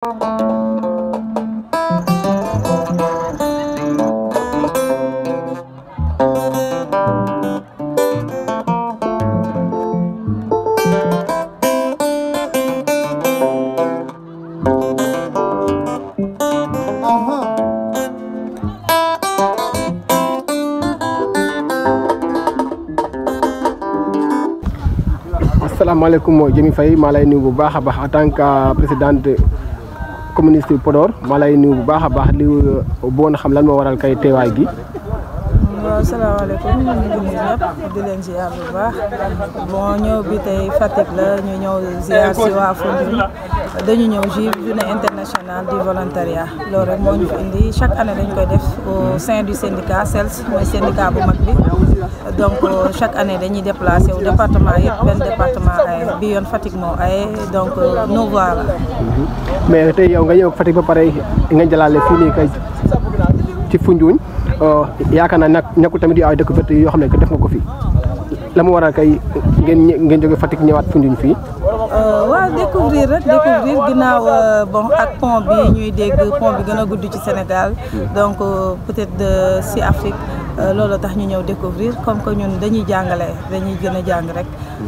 asalaamaaleykum Jami Faye maa lay nuyu bu baax a baax en tant que communiste Podor maa lay nuyu bu baax a baax li bëggoon xam lan moo waral kay teewaay gi. waaw salaamaaleykum ñu ngi nuyu ñëpp di leen ziar bu baax bon ñëw bi tey Fatick la ñu ñëw ziar si waa Foundiougne dañu ñëw jii journée internationale du volontariat loolu rek moo ñu indi chaque année dañ koy def au sein du syndicat CELS mooy syndicat bu mag bi donc euh, chaque année dañuy déplacé wu département yëpp benn département ay bi yoon Fatick moo ay donc euh, nous voilà. mais te yow nga ñëw Fatick ba pare nga jëlaale fii nii kay ci Foundiougne euh, yaakaar naa nag nekkul tamit ay découverte yoo xam ne def nga ko fii la mu waral kay ngeen ngeen jóge Fatick ñëwaat Foundiougne fii. waaw découvrir rek découvrir ginnaaw ak pont bi ñuy dégg pont bi gën a gudd ci Sénégal hmm. donc peut-être si Afrique. Euh, loolu tax ñu ñëw découvrir comme que ñun dañuy jàngale dañuy gën a jàng rek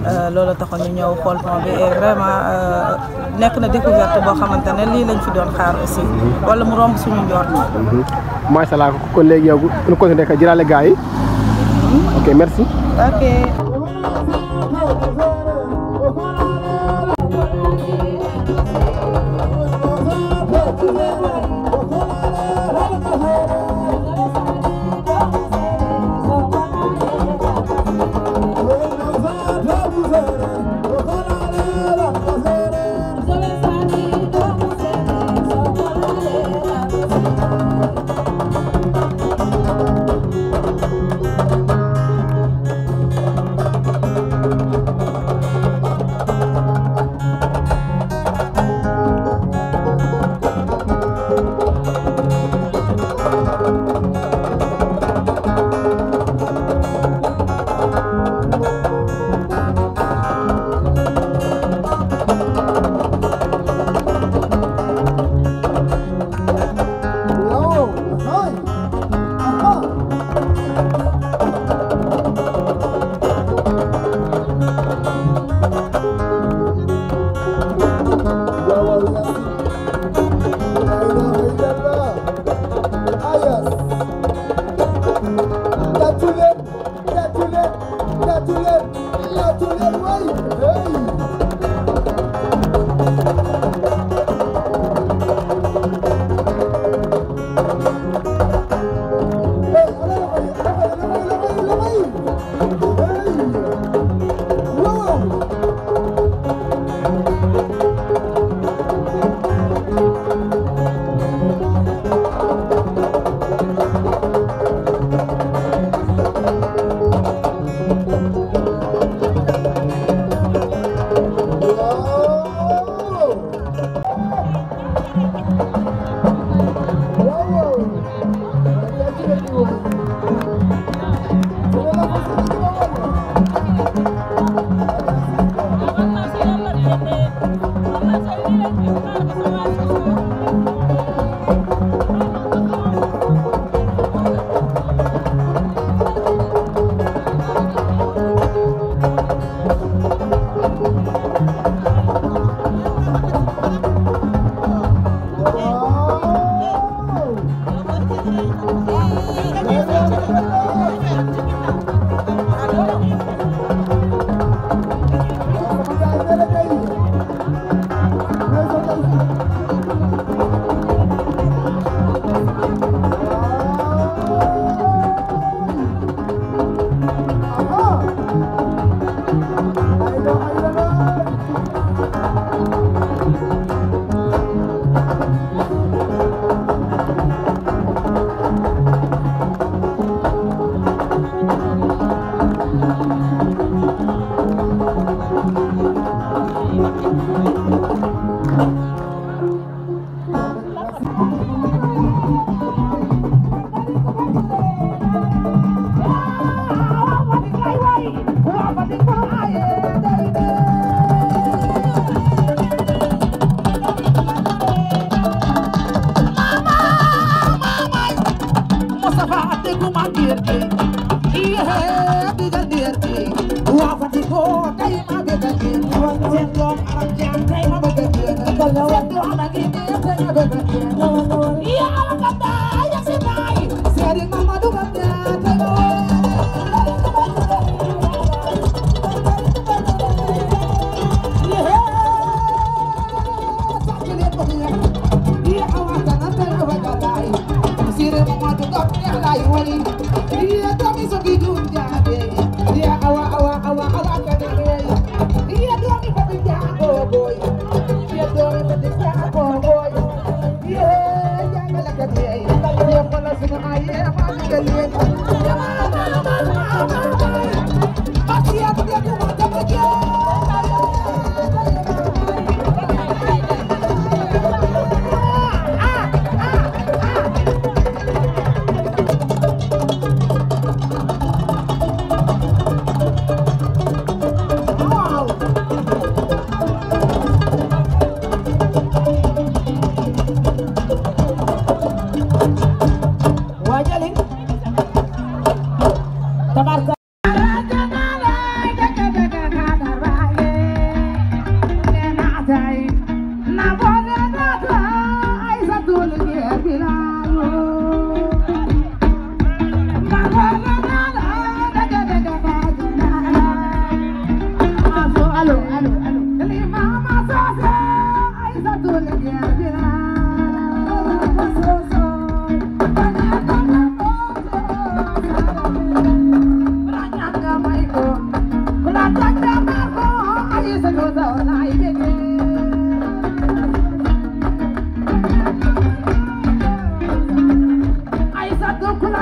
euh, loolu taxoon ñu ñëw xool pont bi e vraiment euh, nekk na découverte boo xamante ne lii lañ fi doon xaar aussi mhm. wala mu romb suñu njoor mhm. macha allah kon léegi yow ñu continuer ka jëlaale gars yi mhm. ok merci ok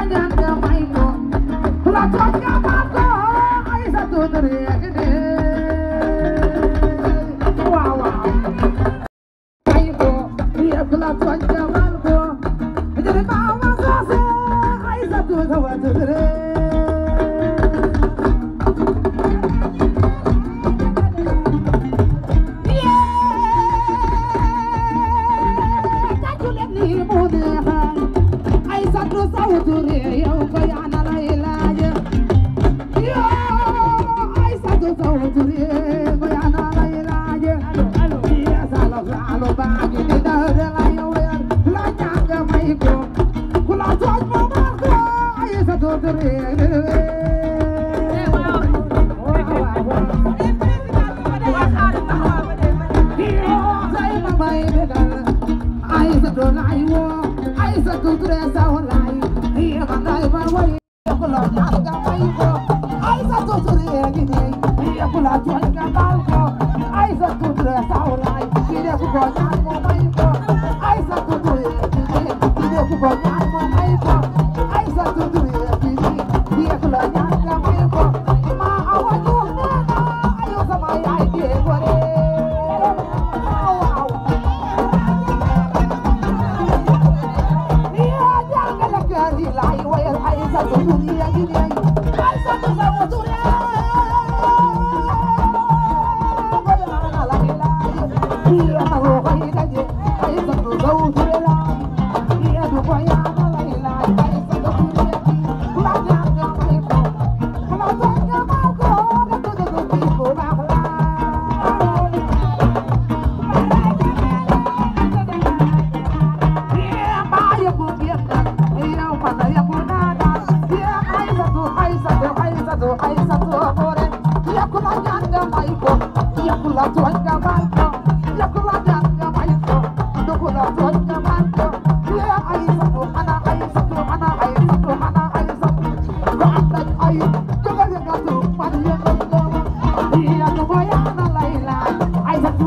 badan nga may ko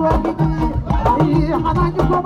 wóor gi xanaa ñu ko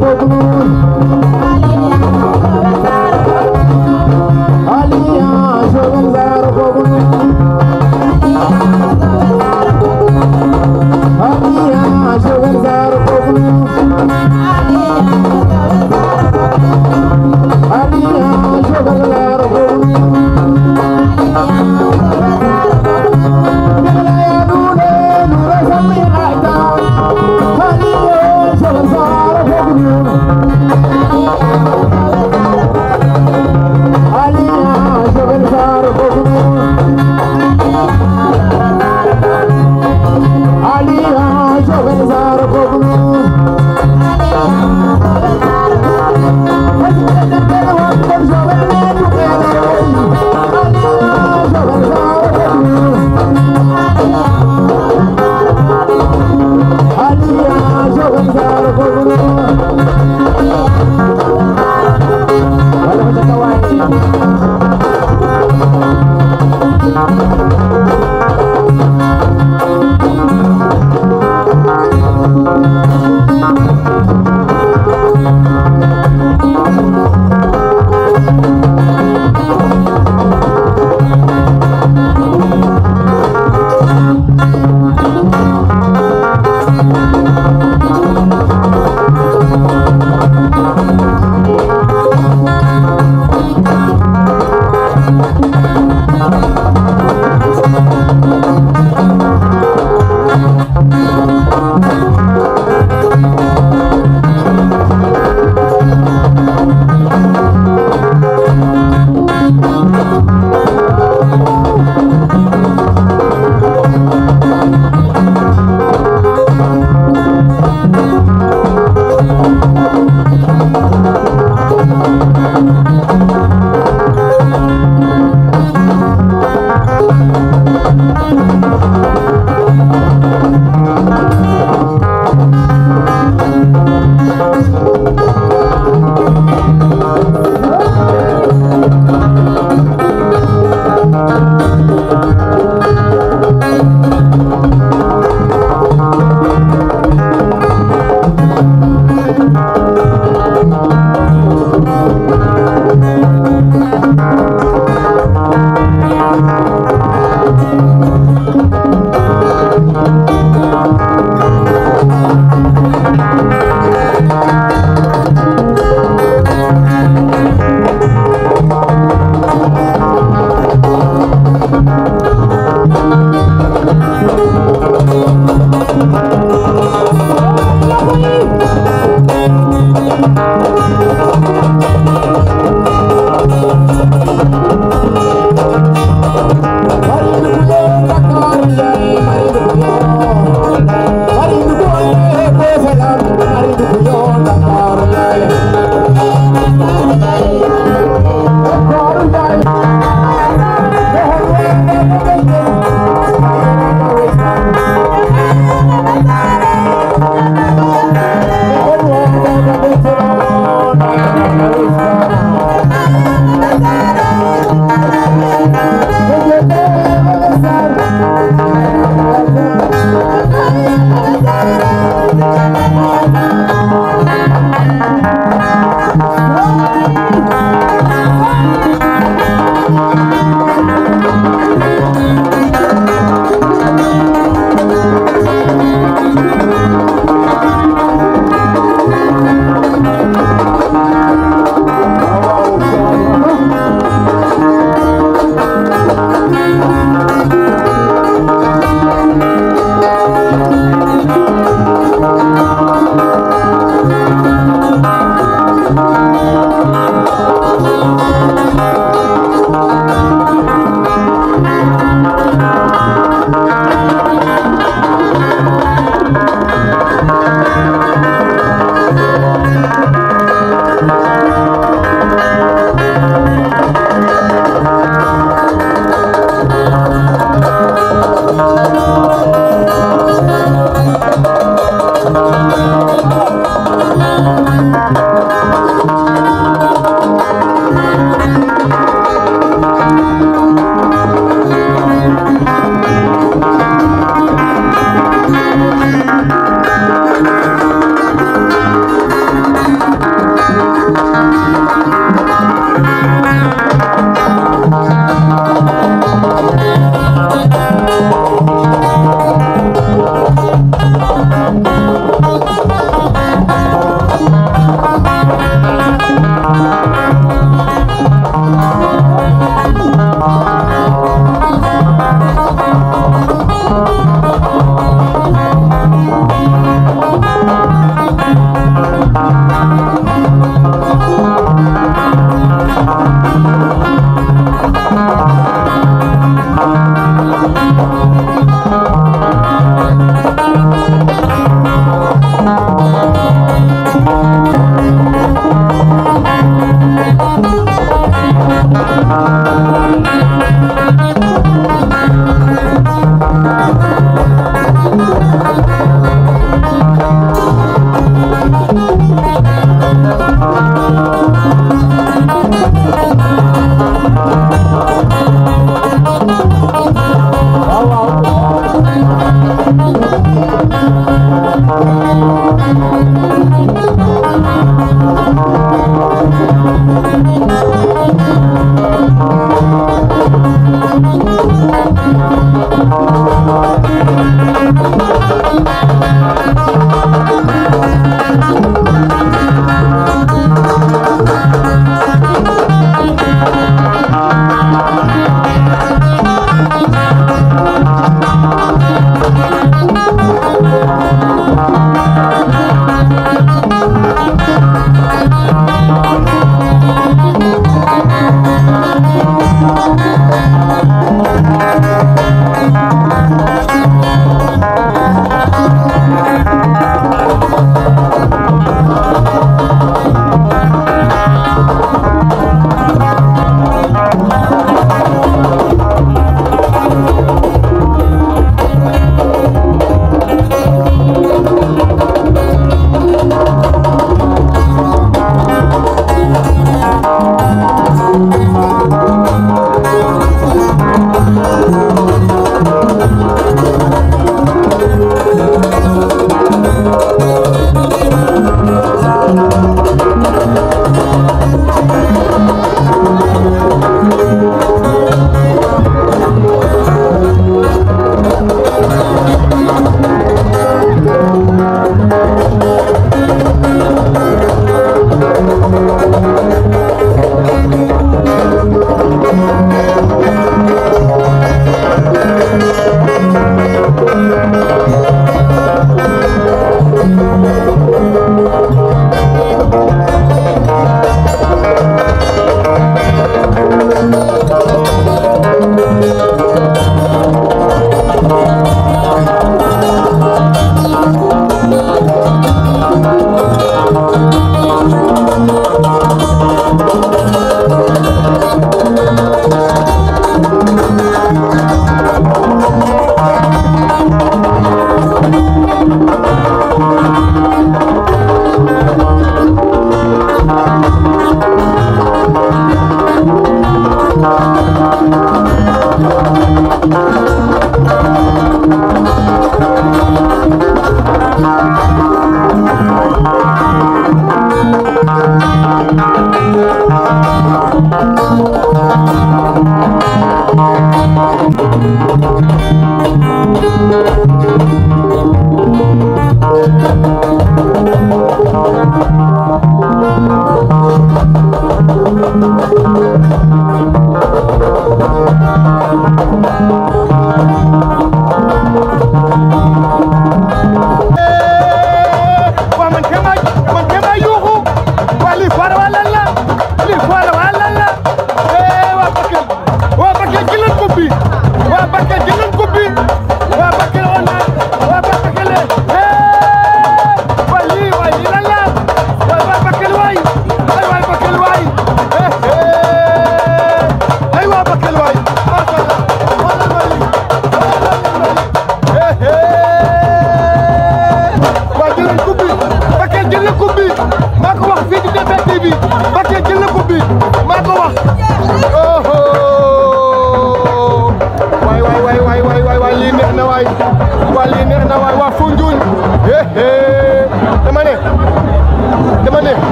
Thank you.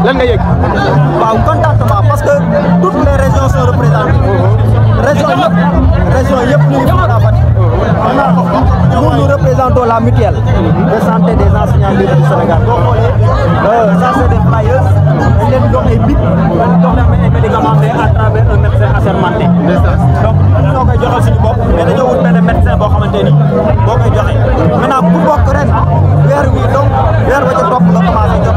lan nga yëg. waaw contentement parce que toutes les régions sont représentées. région yëpp région yëpp ñu ngi Fouta Fatick. nous nous représentons la mutuelle. de santé des enseignants libres du Sénégal boo xoolee euh, ça c'est des flyers dañ leen dox ay bic dañ dox ay médicaments à travers un médecin assermenté. ñoo koy joxal suñu bopp mais dañoo wut benn boo xamante ni boo koy joxe maintenant bu bokk ren weer wi donc weer ba ca topp nga commencé jot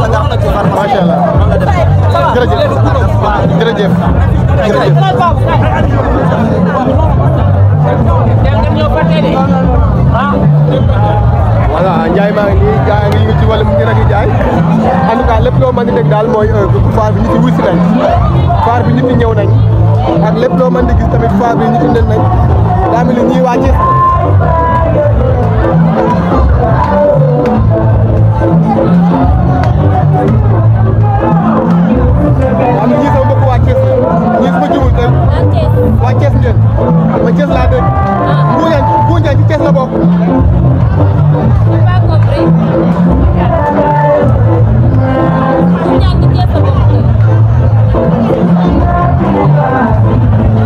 sa garab ak ci pharmacie macha allah noonu la def jërëjëf maa ngi nii gaa ngi ngi ci wàllum ngir ak loo mën di dégg daal mooy euh, faar bi nit yi wusi faar bi nit yi ñëw nañ ak lépp loo mën tamit foire bi ñu indil nañ daa mel ñuy wàcc am na ñii sama mbokk waa Thiès ñii sama jumul tey waa Thiès la bokk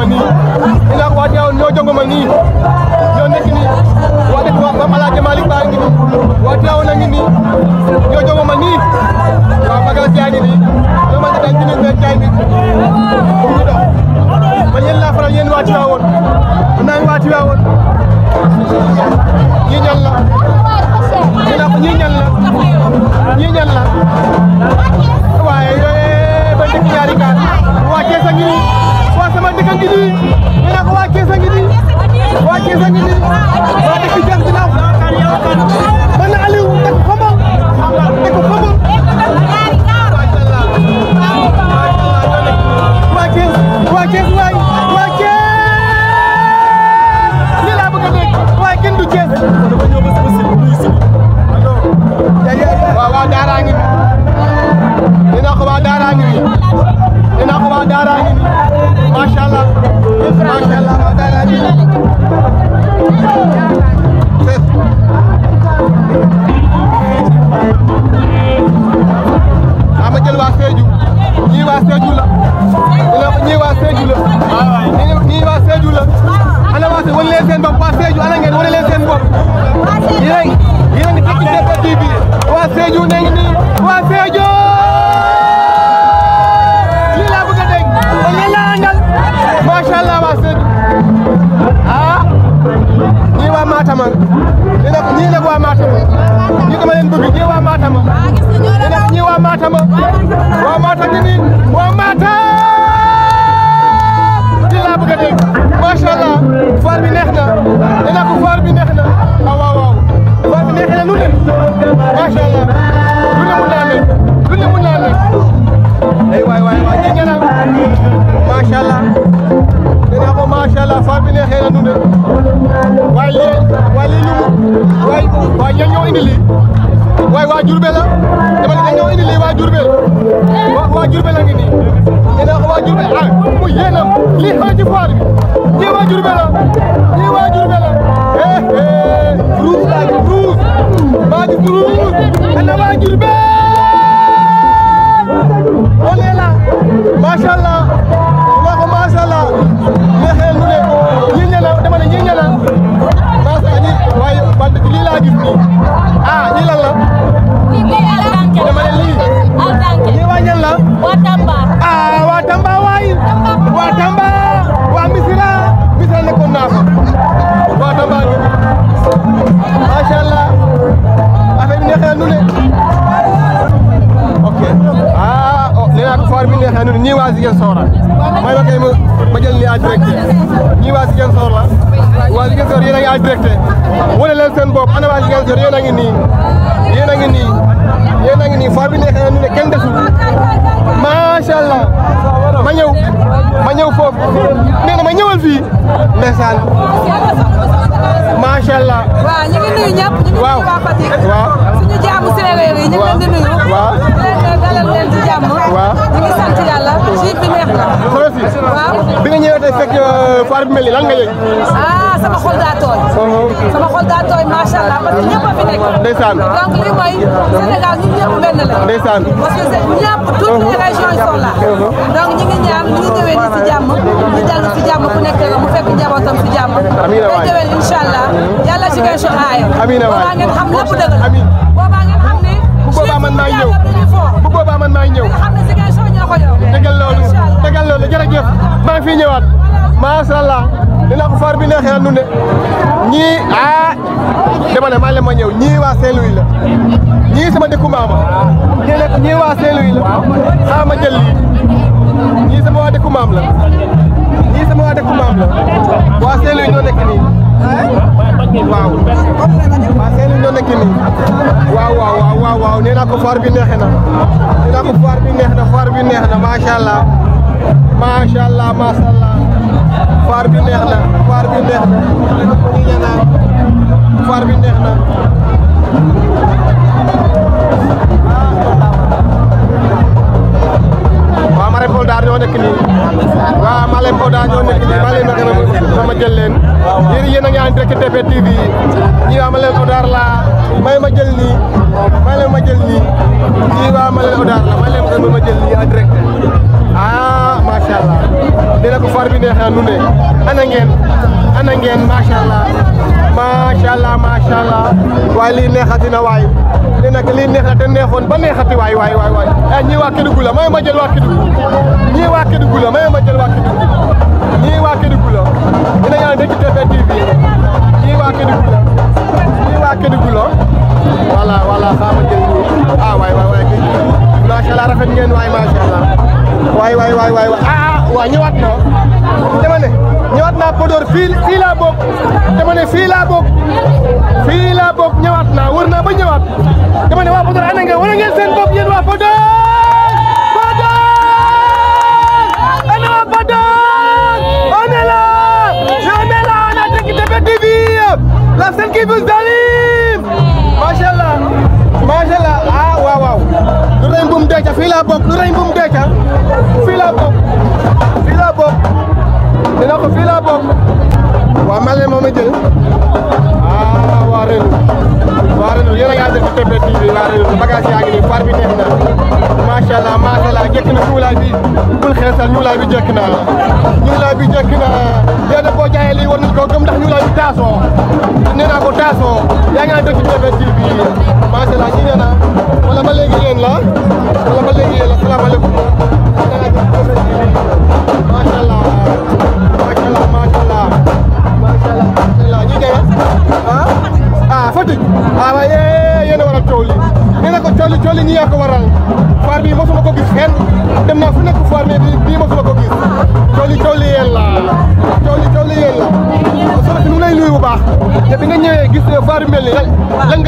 ma nii ñi nga waa Tiwaawan ñoo jongo ma nii ñoo nekk nii waa dëkk waa Mame Alhaji Malick Ba ngi nii waa Tiwaawan a ngi nii ñoo jongo ma nii waa Bagala Siya ngi nii ñoo ma daan jënd seen caay bi ñu dox man yéen laa faral yéen waa Tiwaawan man naa ngi waa Tiwaawan ñii ñan la ñii ñan la ñii ñan la waa Cees a ngi nii waa sama dëkk a nii a ngi waar bi neexee ñun ñii waa Ziguinchor la may ma kay ma ma jël nii à directé ñii waa Ziguinchor la waa Ziguinchor yéen a ngi à directé wane leen seen bopp ana waa Ziguinchor yéen a ngi nii yéen a ngi nii yéen a ngi nii fois bi neexee ñu ne kenn desul macha allah ma ñëw ma ñëw foofu nee na ma ñëwal fii ndeysaan macha allah. waaw ñu ngi nuyu ñëpp ñu ngi nuyu waa Fatick. waaw suñu jaamu séeréer yi ñu ngi leen di nuyu. waaw. dalal leen ngi sant yàlla bi neex na. nga ñëwee fekk euh, foire bi mel nii lan nga yëg. ah sama xol daa tooy. Uh-huh. sama xol daa tooy macha allah parce que ñëpp a fi nekk. donc lii mooy Sénégal ñun ñëpp benn la. ndeysaan parce que ñëpp toutes les uh-huh. régions yi sont là. Uh-huh. donc ñu ngi ñaan ñu ngi ñëwee nii ci jàmm ñu dellu ci jàmm mu fekk njabootam ci jàmm. amiin waay tey jëwel incha ci kay so aayo. amiin waay xam lépp dëgg la. man maay ñëw bu boobaa man maay ñëw dëggal loolu dëggal loolu jërëjëf maa ngi fii ñëwaat macha allah faar bi neexee ne ñii ah dama maa leen ma ñëw ñii waa Saint-Louis la ñii sama dëkku maama ñii nekk ñii waa Saint-Louis la ma jël lii ñii sama waa dëkku maam la ñii sama waa dëkku maam la waa Saint-Louis nekk nii. waaw waaw seen ñoo nekk nii bi neexe na nee naa ko foire bi neex na foire bi neex na macha allah neex na foire bi na foire bi na ñoo nekk nii waaw maa leen Oda ñoo maa leen ma a ma jël leen yéen a ngi en ma leen Oda la ma jël nii may leen ma jël nii ñii waa ma leen Oda la leen ma jël nii en direct ah macha allah dina ko far bi neexee nu ne ana ngeen ana ngeen macha allah allah waaye lii neexati na waay lii nag lii neex na te neexoon ba neexati waay waay waay waay eh ñii waa Kédougou la may ma jël waa Kédougou ñii waa Kédougou la may ma jël waa Kédougou ñii waa Kédougou ñuulaay bi jekk na ñuulaay bi jekk na yéen a boo jaayee lii war nañ ndax ñuulaay bi taasoo nee naa ko taasoo yaa ngi naan dëkk DPV TV macha allah ñu nee na wala ba léegi yéen la wala ba léegi yéen la salaamaaleykum macha allah macha allah macha allah macha allah macha allah ñu demee ah ah Fatick waaw ah, waaye yéen a waral coow li nee ko coow li ñu yaa ko foire bi mosuma ko gis kenn dem naa fu nekk foire mais bi bii mosuma ko gis cooli la cooli cooli yéen la soxna si nu lay nuyu bu bi nga ñëwee gis foire bi mel nii lan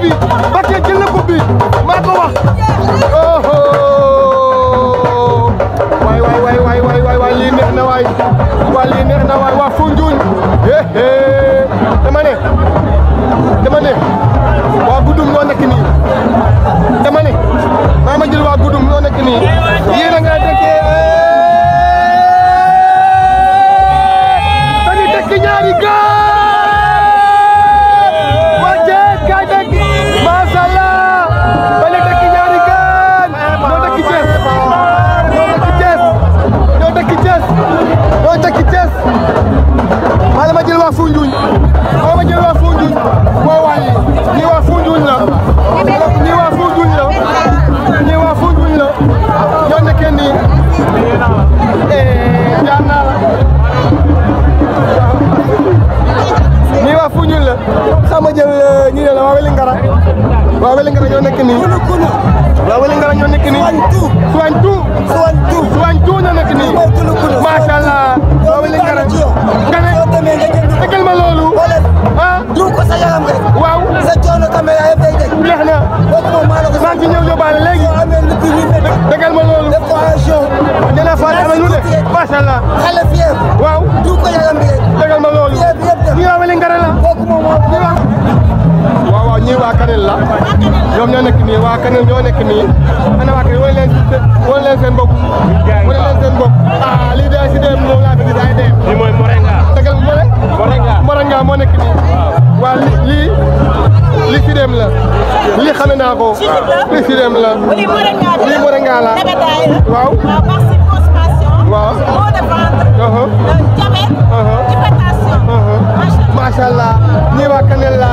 bi Mbacké jël na coupe maa ko wax waay waay waay waay waay waay waay lii neex na waay waay lii neex waa Foundiougne éé dama ne maa ma jël waa Goudoum ñoo nekk nii yéen a nga dëkkee dañu ñaari gaal waa Foundiougne boo ma jël waa Foundiougne boo wàññi ñii waa Foundiougne la ñii waa Foundiougne la ñii waa Foundiougne la ñoo nekkee nii eh, jaar naa la ñii waa Foundiougne la xam nga jël waaw Vélingara ñoo nekk nii. waaw Vélingara ñoo nekk nii. Sowantu. Sowantu. Sowantu ñoo nekk nii. macha allah. waaw ah. na. maa ma loolu. Ah, nee naa Fatou amee ñu de. macha allah. waaw. tegal ma loolu. ñu la. waaw waaw ñii waa Kanel la ñoom ñoo nekk nii waa Kanel ñoo nekk nii ana waa Kanel wane leen seen bopp wane leen seen bopp ah, lii day si dem moom laa fi lii mooy moringa lii li la lii xame naa ko li si dem la lii moringa la waaw waaw macha allah ñii waa Kanel la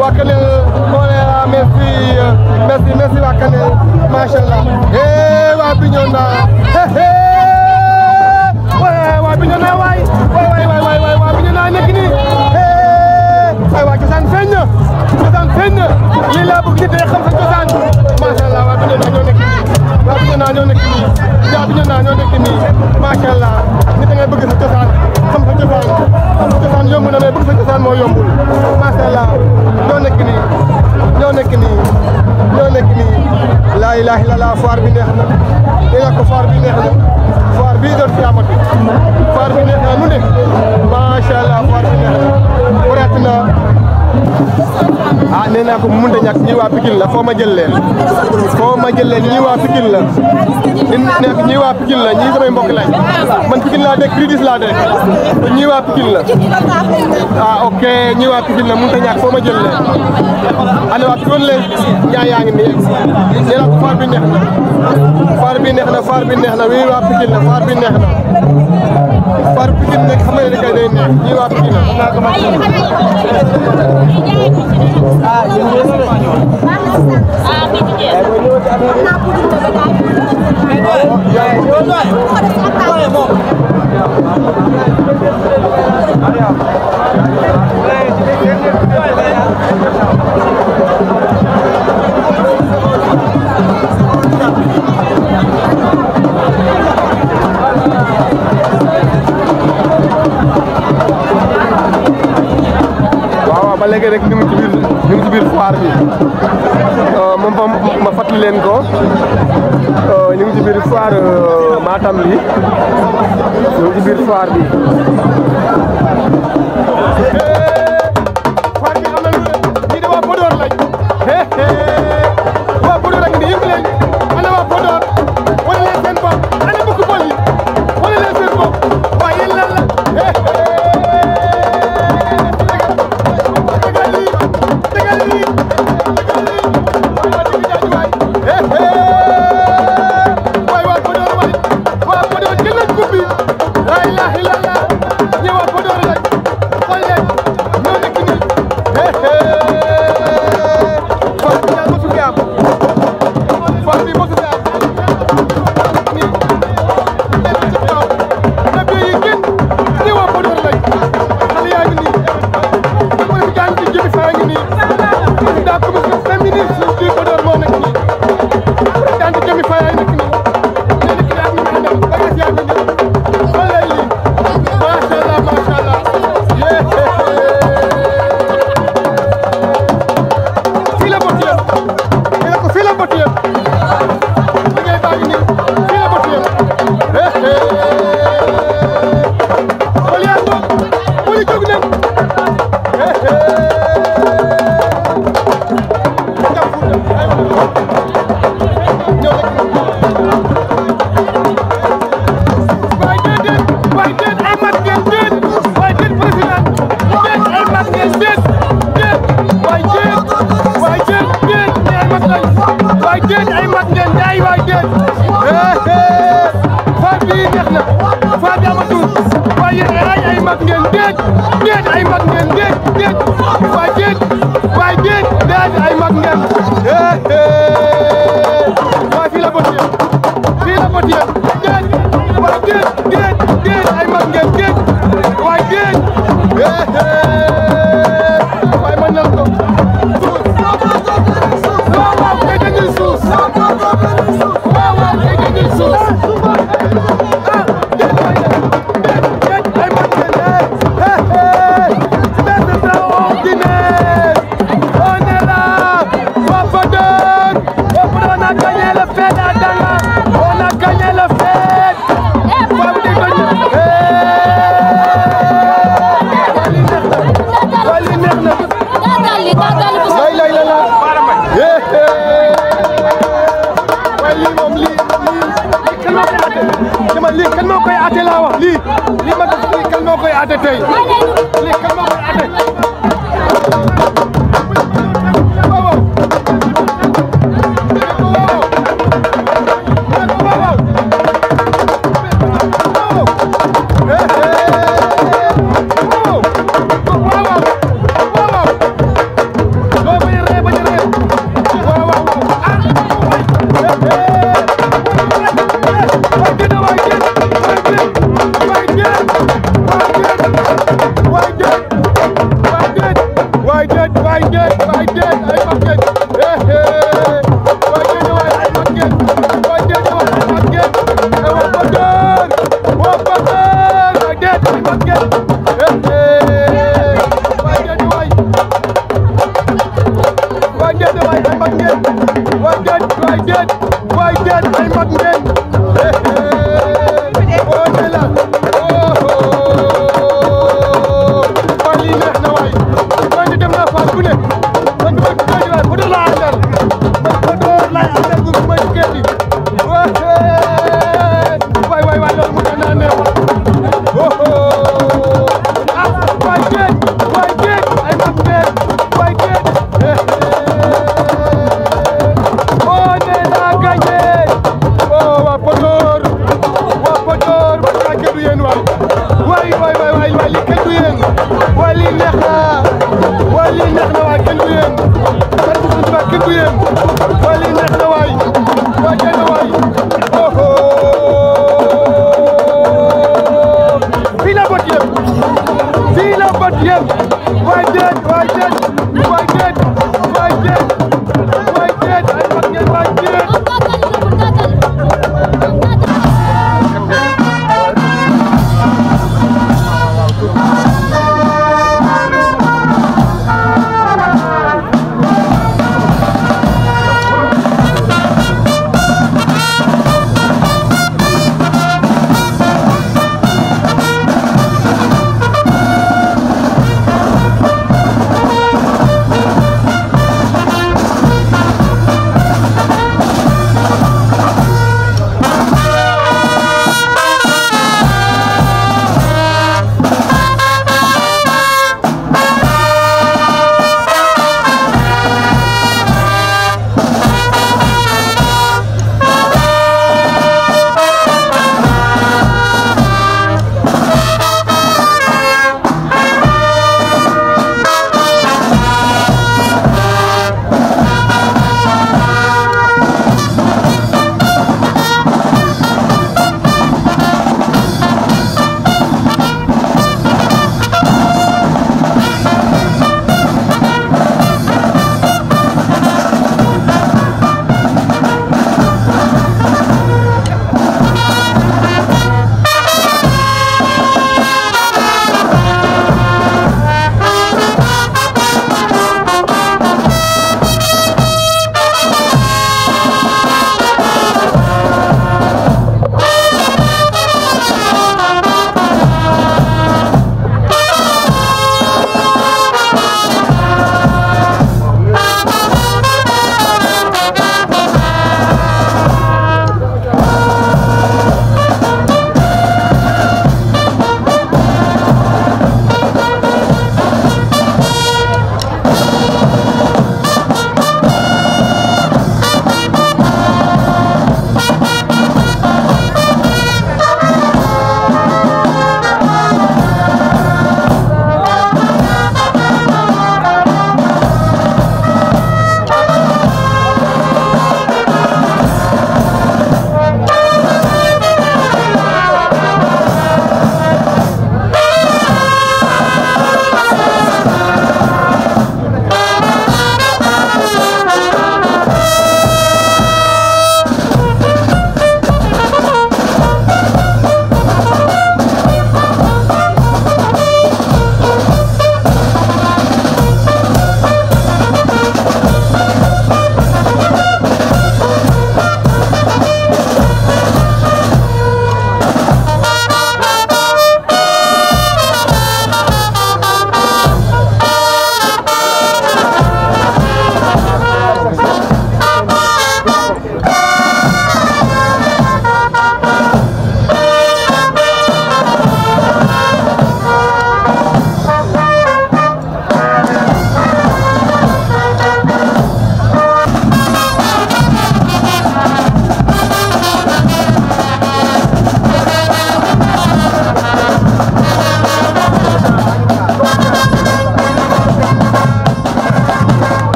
waa Kanel on est là merci merci merci waa Kanel macha allah eh waa Bignona waay waa Bignona waay waay waay waay waay waa Bignona nekk nii eh ay waa cosaan feeñ na cosaan feeñ na lii laa bëgg nit day xam sa cosaan macha allah waa Bignona ñoo nekk nii waa Bignona ñoo nekk nii waa Bignona ñoo nekk nii laa ilaaha illallaah foire bi neex na dégg nga ko foire bi neex na foire bii doon fi amati foire bi neex na lu ne macha allah foire bi neex na ah nee naa ko mu mënta ñàkk ñii waa Pikine la foo ma jël leen foo ma leen ñii waa Pikine la li nekk ñii waa Pikine la ñii samay mbokk lañ man Pikine laa dëkk Ridis laa dëkk ñii waa Pikine la ah ok ñii waa Pikine la mënta ñàkk foo ma jël leen ana waa Pikine leen ñaa yaa nii nee naa ko faar bi neex bi neex na faar bi neex na wii waa Pikine la faar bi neex na par Pikine nekk xam nga yéen a day neex ñii waa Pikine la ko mën a. ah léegi rek ñu ngi ci biir ñu ngi ci biir foire bi euh, moom fa ma fàttali leen ko euh, ñu ngi ci biir foire euh, Matam li ñu ngi ci bi.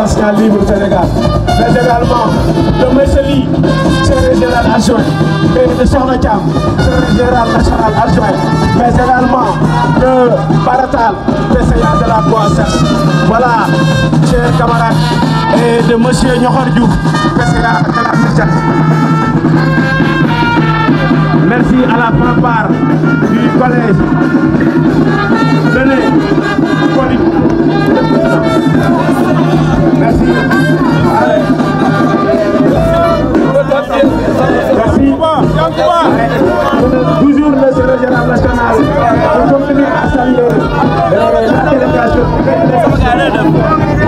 international libre Sénégal mais également de Messeli secrétaire général adjoint et de Sokhna Thiam secrétaire de la croix voilà chers camarades et eh, de monsieur Niokhor Diouf, PCA de la Merchant. Merci à la prépare du collège. Venez, Merci. Allez. Merci. Toujours le secrétaire général national. Je continue à saluer la délégation.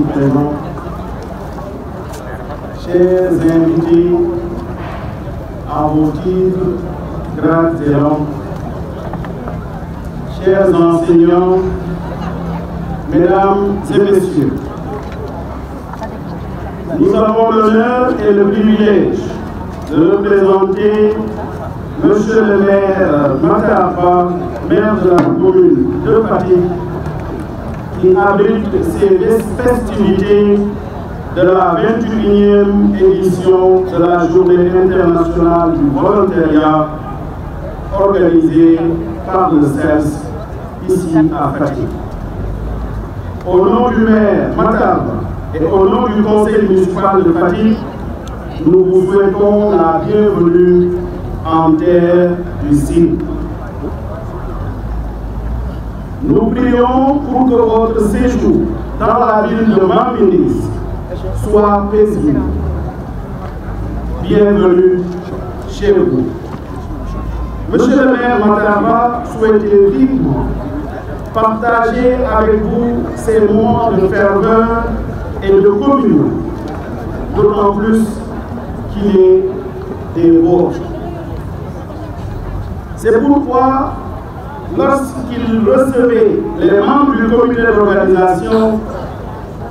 Merci vraiment. les festivités de la 21e édition de la Journée internationale du volontariat organisée par le CES ici à Fatick. Au nom du maire et au nom du conseil municipal de Fatick, nous vous souhaitons la bienvenue en du Sine. pour que votre la ville de Mambinis soit paisible. Bienvenue chez vous. Monsieur le maire Matarba vivement partager avec vous ces moments de ferveur et de communion, d'autant plus qu'il est des vôtres. C'est pourquoi lorsqu'il recevait les membres du comité d'organisation,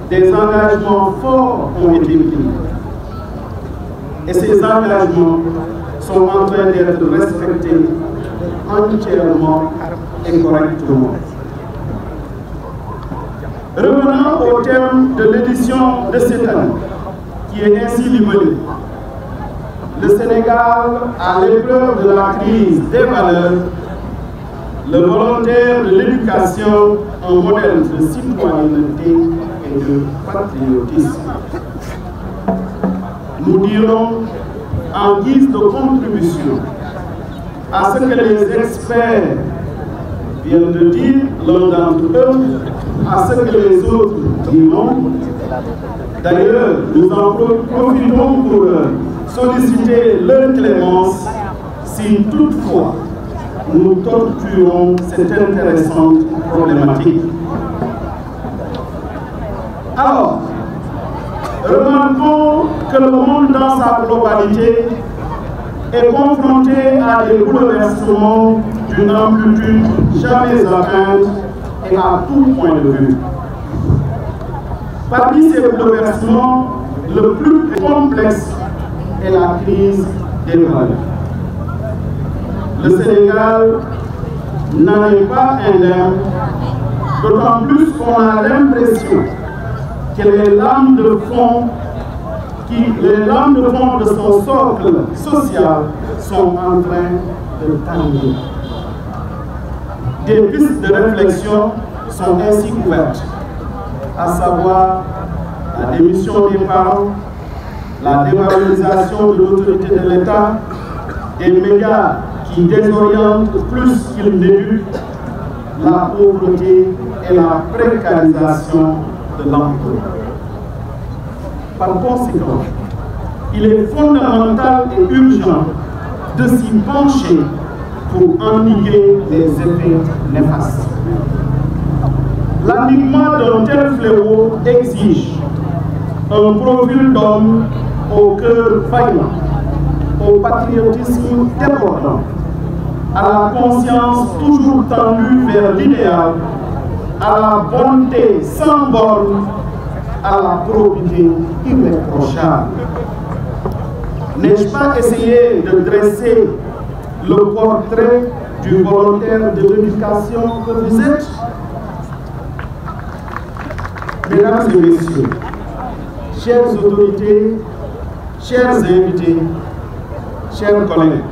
des engagements forts ont été pris. Et ces engagements sont en train d'être respectés entièrement et correctement. au thème de l'édition de cette qui est ainsi Le Sénégal à l'épreuve de la crise des valeurs le volontaire de l'éducation, un modèle de citoyenneté et de patriotisme. Nous dirons, en guise de contribution à ce que les experts viennent de dire, l'un d'entre eux, à ce que les autres diront. D'ailleurs, nous en profitons pour solliciter leur clémence si toutefois nous torturons cette intéressante problématique. Alors, remarquons que le monde dans sa globalité est confronté à des bouleversements d'une amplitude jamais atteinte et à tout point de vue. Parmi ces bouleversements, le plus complexe est la crise des valeurs. le Sénégal n'en est pas indemne, d'autant plus qu'on a l'impression que les lames de fond qui, les lames de fond de son socle social sont en train de tanguer. Des pistes de réflexion sont ainsi ouvertes, à savoir la démission des la dévalorisation de l'autorité de l'État, des médias qui désoriente plus qu'il n'éduque la pauvreté et la précarisation de l'emploi. Par conséquent, il est fondamental et urgent de s'y pencher pour endiguer les effets néfastes. L'animement d'un tel fléau exige un profil d'homme au cœur vaillant, au patriotisme débordant, à la conscience toujours tendue vers l'idéal, à la sans borne, à la probité irréprochable. N'ai-je pas essayé de dresser le portrait du volontaire de l'éducation que vous êtes Mesdames et messieurs, chères autorités, chers invités, chers collègues,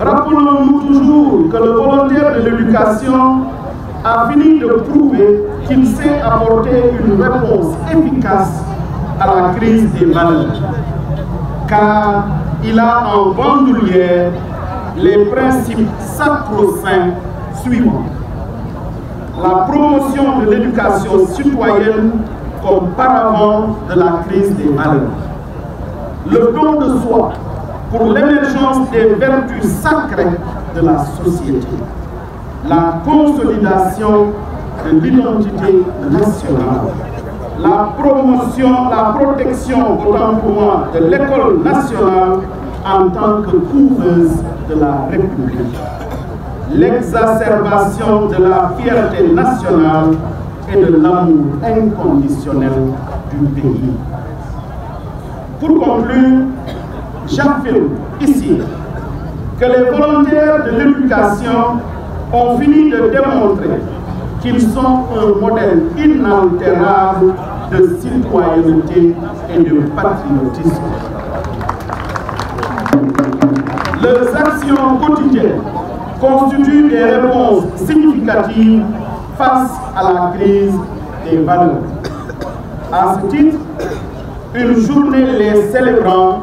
Rappelons-nous toujours que le volontaire de l'éducation a fini de prouver qu'il sait apporter une réponse efficace à la crise des maladies, car il a en bandoulière les principes sacro-saints suivants. La promotion de l'éducation citoyenne comme de la crise des maladies. Le don de soi pour l'émergence des vertus sacrées de la société, la consolidation de l'identité nationale, la protection, autant pour de l'école nationale en tant que couveuse de la République, l'exacerbation de la fierté nationale et de l'amour inconditionnel du pays. Pour conclure, J'affirme ici que les volontaires de l'éducation ont fini de démontrer qu'ils sont un modèle inaltérable de citoyenneté et de patriotisme. Leurs actions quotidiennes constituent des réponses significatives face à la crise des valeurs. À ce titre, une journée les célébrant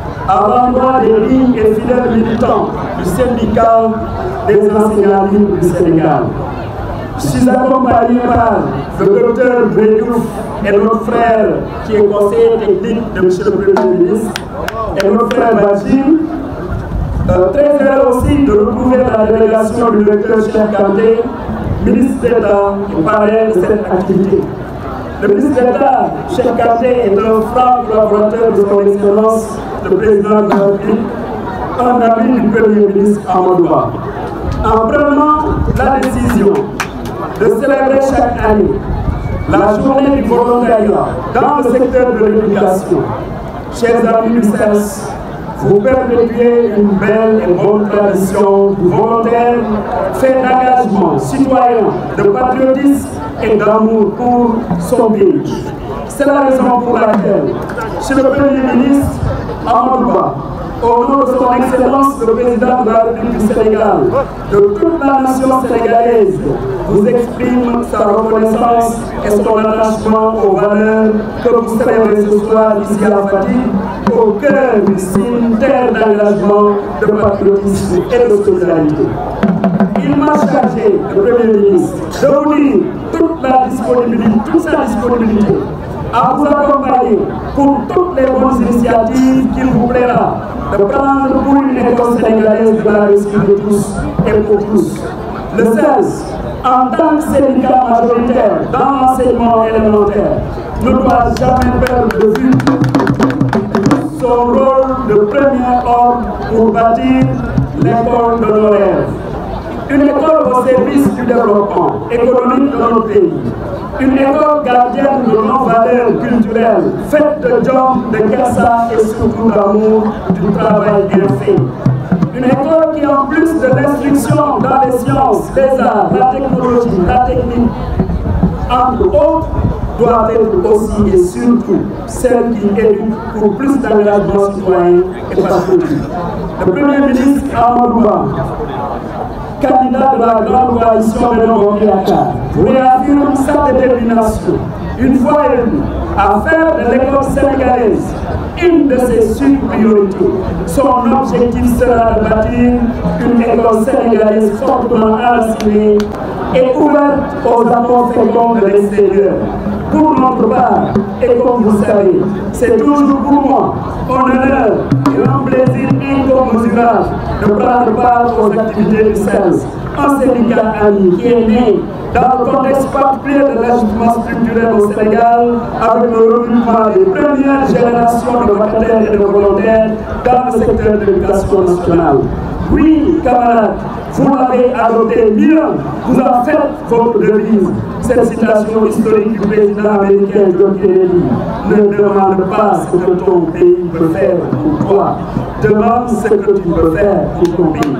avant moi des dignes et fidèles du syndicat des enseignants du Sénégal. Je suis accompagné par le docteur Bédouf et notre frère qui est conseiller technique de M. le Premier et notre frère Bajir. Euh, très heureux aussi de retrouver la délégation du docteur Cheikh Kanté, ministre d'État et cette activité. Le ministre d'État, Cheikh Kanté, est un franc collaborateur de son le président de la République, un ami du Premier ministre Amadou Ba. En prenant la décision de célébrer chaque année la journée du volontariat dans le secteur de l'éducation, chers amis du CERS, e vous permettez une belle et bonne tradition du volontaire, fait d'engagement citoyen, de patriotisme et d'amour pour son pays. C'est la raison pour laquelle, chez le Premier ministre, Amadou Ba au nom de son excellence le président de la République du Sénégal de toute la nation sénégalaise vous exprime sa reconnaissance et son attachement aux valeurs que vous célébrez ce soir ici à la Fatick au cœur d'une terre d'engagement de patriotisme et de solidarité il m'a chargé le Premier ministre de vous dire toute la disponibilité toute sa disponibilité à vous accompagner pour toutes les bonnes initiatives qu'il vous plaira de prendre pour une école sénégalaise de la réussite de tous et pour tous. Le 16, en tant que syndicat majoritaire dans l'enseignement élémentaire, ne doit jamais perdre de vue son rôle de premier homme pour bâtir l'école de nos Une école service du développement économique de une école gardienne de nos valeurs culturelles, de jom, de kersa et surtout d'amour du travail bien fait. Une école qui, en de l'instruction dans les sciences, les arts, la technologie, la technique, entre autres, doit être aussi et surtout celle qui éduque pour plus d'engagement citoyen et patriotique. Le Premier ministre Amadou candidat de la grande coalition Benno Bokk Yakaar réaffirme sa détermination une fois et à faire de l'école une de ses sub-priorités. Son objectif sera de une école sénégalaise fortement enracinée et ouverte aux apports féconds de l'extérieur. pour notre part. Et comme vous savez, c'est toujours pour moi un honneur et un plaisir incommensurable de prendre part aux activités qui est né dans le contexte particulier de l'ajustement structurel au Sénégal, avec le recrutement des premières générations de vacataires et de volontaires dans le secteur de l'éducation nationale. Oui, camarades, vous l'avez adopté bien, vous en faites votre devise. cette citation historique du président américain John Kennedy ne demande pas ce que ton pays peut faire pour toi, demande ce que tu peux faire pour ton pays.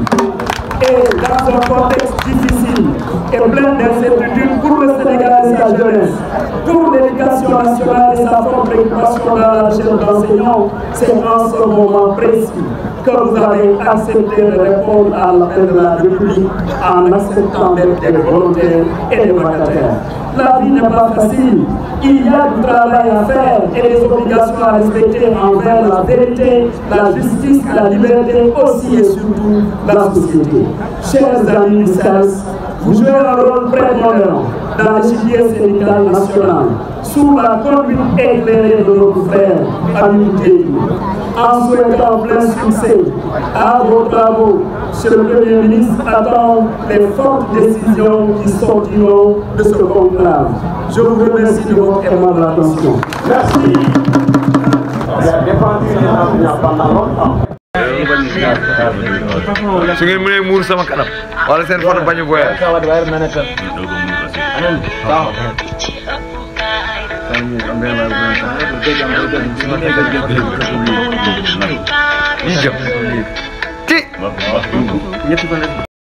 et pleine d'incertitudes pour le Sénégal et sa jeunesse. Pour l'éducation nationale sa forte préoccupation la recherche d'enseignants, c'est précis que vous avez accepté de répondre à l'appel en acceptant d'être des et des vacataires. La vie n'est pas facile. Il y a du travail à et des obligations à respecter envers la vérité, la justice, la liberté aussi et surtout la société. Chers amis, Jouer un rôle prégnant dans le milieu syndical national, sous la conduite éclairée de notre frère Amin En souhaitant plein succès à vos travaux, Monsieur le Premier ministre, attend les fortes décisions qui sortiront de ce conclave. Je vous remercie de votre aimable attention. Merci. Il a défendu les enseignants pendant longtemps. su ngeen mënee muur sama kanam wala seen foto bañu voyage yi